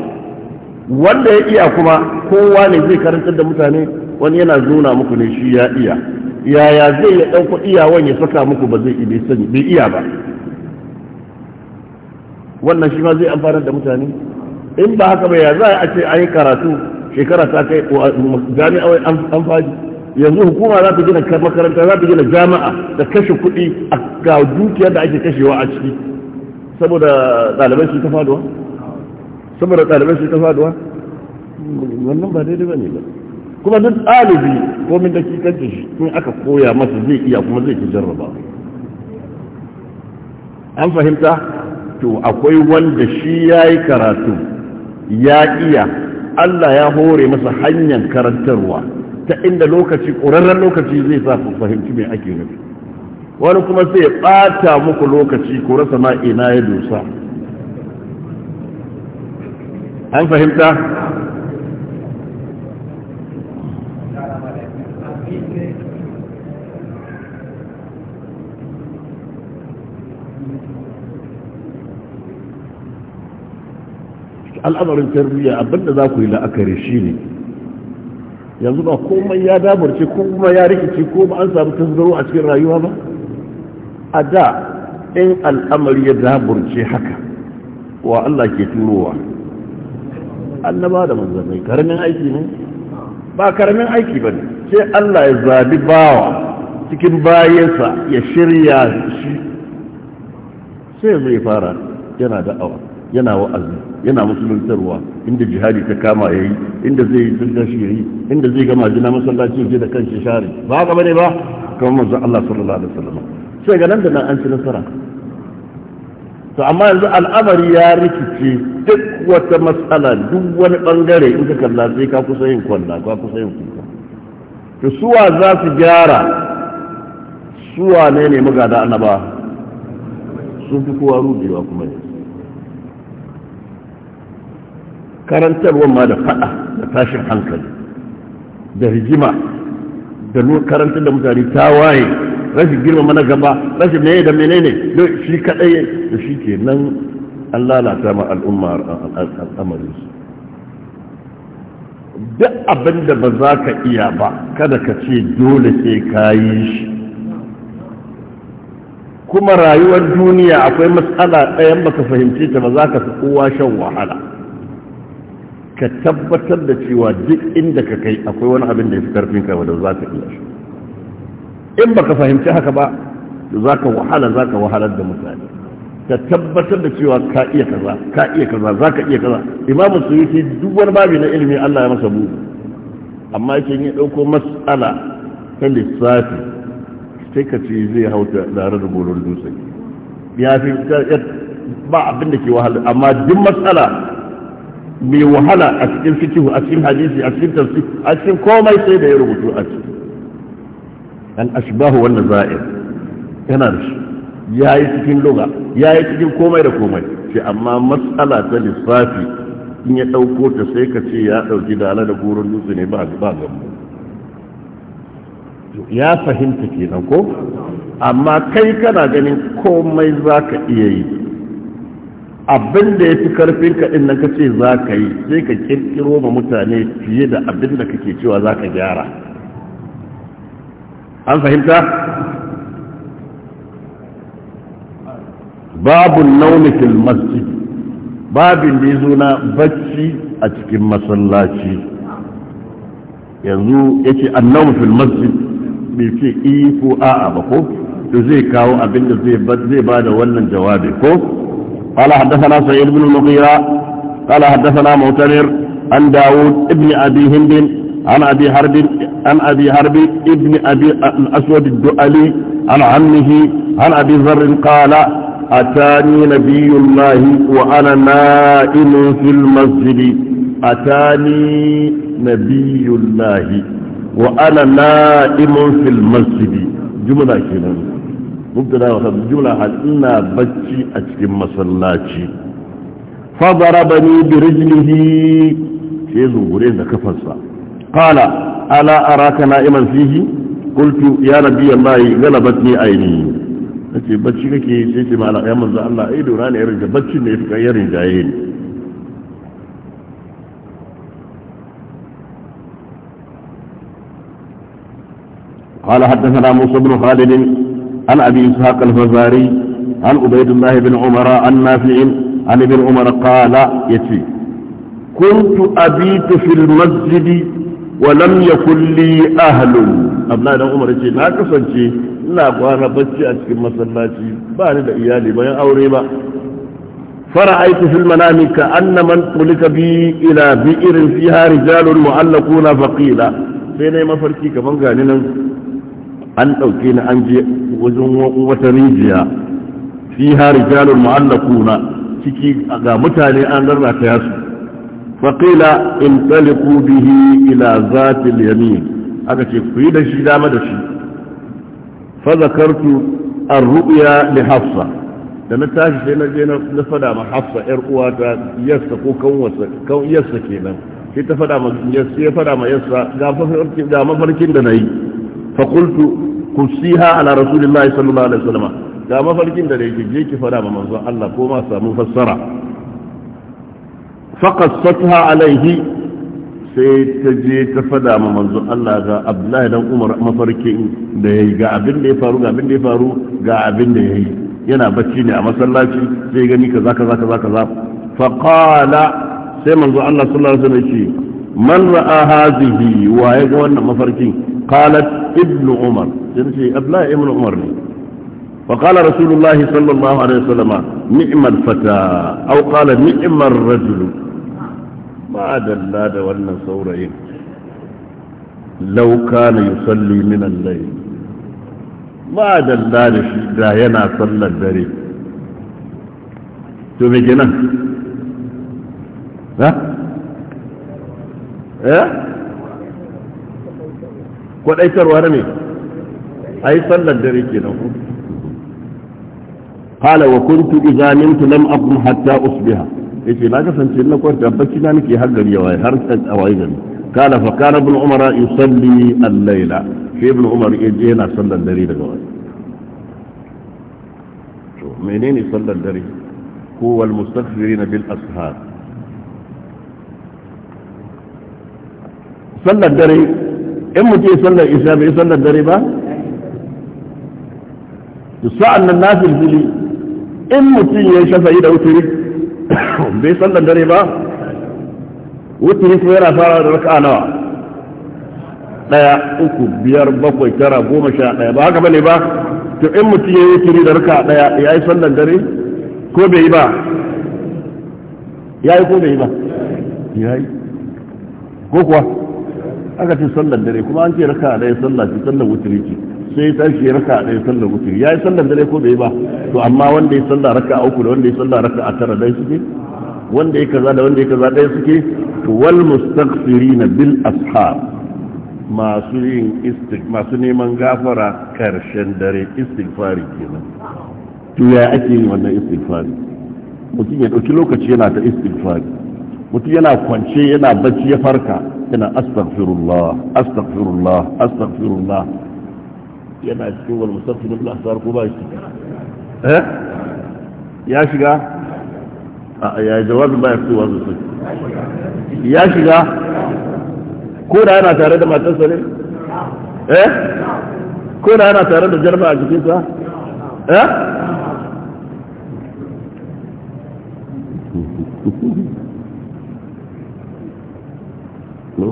wanda ya iya kuma kowa ne zai karantar da mutane wani yana nuna muku ne shi ya iya yaya zai ya ɗauko iyawan ya saka muku ba zai iya sani bai iya ba wannan shi ma zai amfana da mutane in ba haka ba ya za a ce a yi karatu shekara ta kai jami'a an faji yanzu hukuma za ta gina makaranta za ta gina jama'a da kashe kuɗi a ga dukiyar da ake kashewa a ciki saboda ɗalibai su ta faduwa saboda ɗalibai su ta faduwa wannan ba daidai ba ne ba kuma duk ɗalibi ko min da kikancin shi in aka koya masa zai iya kuma zai ki jarraba an fahimta to akwai wanda shi ya yi karatu ya iya Allah ya hore masa hanyar karantarwa ta inda lokaci ƙurarren lokaci zai sa ku fahimci me ake nufi wani kuma sai ɓata muku lokaci ku rasa ma ina ya dosa an fahimta al'amarin tarbiyya abinda za ku yi la'akari shi ne yanzu ba komai ya damarci, ko kuma ya rikici ko ba an samu tasgaro a cikin rayuwa ba a da in al'amari ya damarci haka wa Allah ke turowa annaba da manzannai karamin aiki ne ba karamin aiki ba ne sai Allah ya zabi bawa cikin bayansa ya shirya shi sai zai fara yana da'awa yana wa'azi yana musuluntarwa inda jihadi ta kama ya yi inda zai yi sun shi ya yi inda zai gama jina masallaci ya da kanshi share ba gaba ne ba kamar manzon Allah sallallahu alaihi wasallam sai ga nan da nan an ci nasara to amma yanzu al'amari ya rikice duk wata matsala duk wani bangare in ka kalla sai ka kusa yin kwalla ka kusa yin kuka to suwa za su gyara suwa ne ne magada annaba sun fi kowa rubewa kuma ne karantarwa ma da fada da tashin hankali da rigima da karantar da mutane ta waye, rashin girma mana gaba rashin meye da menene don shi kadai da shi ke nan an lalata ma al'umma al'amarin su duk abin da ba za ka iya ba kada ka ce dole sai ka yi shi kuma rayuwar duniya akwai matsala ɗayan baka fahimce ta ba za ka fi kowa shan wahala ka tabbatar da cewa duk inda ka kai akwai wani abin da ya fi karfin ka wadda za ka iya shi in ba ka fahimci haka ba za ka wahala za ka wahalar da mutane ka tabbatar da cewa ka iya kaza ka iya kaza za ka iya kaza imamu suyuti duk wani babi na ilimi Allah ya masa buɗe amma yake ya ɗauko mas'ala ta lissafi sai ka ce zai hau da da bolon dutse ya fi ba abin da ke wahala amma duk mas'ala mai wahala a cikin fikihu a cikin hadisi a cikin tafsir a cikin komai sai da ya rubutu a ciki An ashbahu wal nazair yana da shi yayi cikin ya yayi cikin komai da komai sai amma mas'ala ta lissafi in ya dauko ta sai ka ce ya dauki dala da gurin dutse ne ba ba ya fahimta kenan ko amma kai kana ganin komai zaka iya yi abin da ya fi karfin ka din nan ka ce za ka yi sai ka kirkiro ma mutane fiye da abin da kake cewa za ka gyara an fahimta babu naunifin babin da zo na bacci a cikin masallaci yanzu yake an naunifin masjid bai ce i ko a'a ba ko to zai kawo abin da zai ba da wannan jawabi ko قال حدثنا سعيد بن المغيرة قال حدثنا معتمر عن داود ابن أبي هند عن أبي حرب عن أبي حرب ابن أبي الأسود الدؤلي عن عمه عن أبي ذر قال أتاني نبي الله وأنا نائم في المسجد أتاني نبي الله وأنا نائم في المسجد جملة كده مبتدا وخبر a هل إنا بجي أتكم مسلاتي فضربني برجله في زنقرين كفرصا قال ألا أراك نائما فيه قلت يا نبي الله غلبتني عيني ake bacci kake yi sai ce ma alaƙa yamma za Allah ai dora ne ya rinja bacci ne fi kan ya rinja yi ne qala haddathana musa ibn عن أبي إسحاق الفزاري عن عبيد الله بن عمر عن نافع عن ابن عمر قال يتي كنت أبيت في المسجد ولم يكن لي أهل أبناء بن عمر يتي لا كسنتي لا قوانا بجي أتكي مسلاتي باني بإيالي بيان أوري با فرأيت في المنام كأن من طلق بي إلى بئر فيها رجال معلقون فقيل sai na yi mafarki kaman gani nan an ɗauke ni an je wajen wata rijiya fi rijalul na ciki ga mutane an rarrata ya su faqila in taliqu bihi ila zati al-yamin aka ce ku yi da shi dama da shi fa zakartu ar-ru'ya li hafsa da na tashi sai na je na fada ma hafsa yar uwata yassa ko wasa kan yassa kenan sai ta fada ma yassa ga mafarkin da na yi fa qultu kusiha ala rasulillahi sallallahu alaihi wasallam ga mafarkin da yake je ki fada ma manzo Allah ko ma samu fassara fa qassatha alaihi sai ta je ta fada ma manzo Allah ga Abdullahi dan Umar mafarkin da yayi ga abin da ya faru ga abin da ya faru ga abin da yayi yana bacci ne a masallaci sai gani kaza kaza kaza kaza fa qala sai manzo Allah sallallahu alaihi wasallam ce man ra'a hadhihi wa ya ga wannan mafarkin qalat ابن عمر جنسي أبناء ابن عمر وقال رسول الله صلى الله عليه وسلم نعم الفتى أو قال نعم الرجل ما دلا ده wannan saurayin لو كان يصلي من الليل ما دلا da صلى da yana sallar ها to kwadaitarwa ne a yi sallar dare ke nan kala wa kuntu idza nimtu lam aqum hatta usbiha ce na kasance na kwanta bacci na nake har gari yawa har a waye gari kala fa kana ibn umara yusalli al-layla shi bin umar yaje yana sallar dare daga waye to menene sallar dare huwa al-mustaghfirina bil ashab sallar dare in mutum ya sallar isha bai sallar dare ba sa'an nan nafil fili in mutum ya shafa'i da wuturi bai sallar dare ba wuturi ko yana fara da raka'a nawa daya uku biyar bakwai tara goma sha daya ba haka bane ba to in mutum ya yi wuturi da raka'a daya ya yi sallar dare ko bai yi ba ya yi ko bai yi ba ya yi ko kuwa aka ce sallar dare kuma an ce raka ɗaya sallar ce sallar wuturi ce sai ya tashi ya raka a ɗaya sallar wuturi ya yi sallar dare ko bai ba to amma wanda ya sallar raka uku da wanda ya sallar raka a tara ɗaya suke wanda ya kaza da wanda ya kaza ɗaya suke to wal na bil ashab masu yin istik masu neman gafara karshen dare istighfari kenan to ya ake yin wannan istighfari mutum ya ɗauki lokaci yana ta istighfari mutum yana kwance yana bacci ya farka tana astaghfirullah astaghfirullah astaghfirullah yana cikin wal mustaghfir bil asar ko ba shi eh ya shiga a ya jawabi ba ya fitowa sosai ya shiga ko da yana tare da matarsa ne eh ko da yana tare da jarba a sa eh اللهم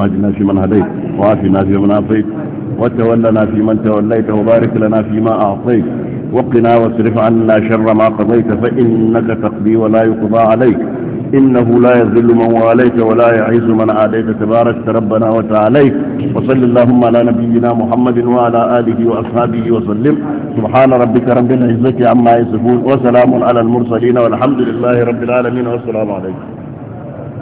اجعلنا في من هديت وعافنا في من عافيت وتولنا في من توليت وبارك لنا فيما أعطيت وقنا واصرف عنا شر ما قضيت فإنك تقضي ولا يقضى عليك إنه لا يذل من واليت ولا يعز من عاديت تبارك ربنا وتعاليك وصل اللهم على نبينا محمد وعلى آله وأصحابه وسلم سبحان ربك رب العزة عما يصفون وسلام على المرسلين والحمد لله رب العالمين والسلام عليكم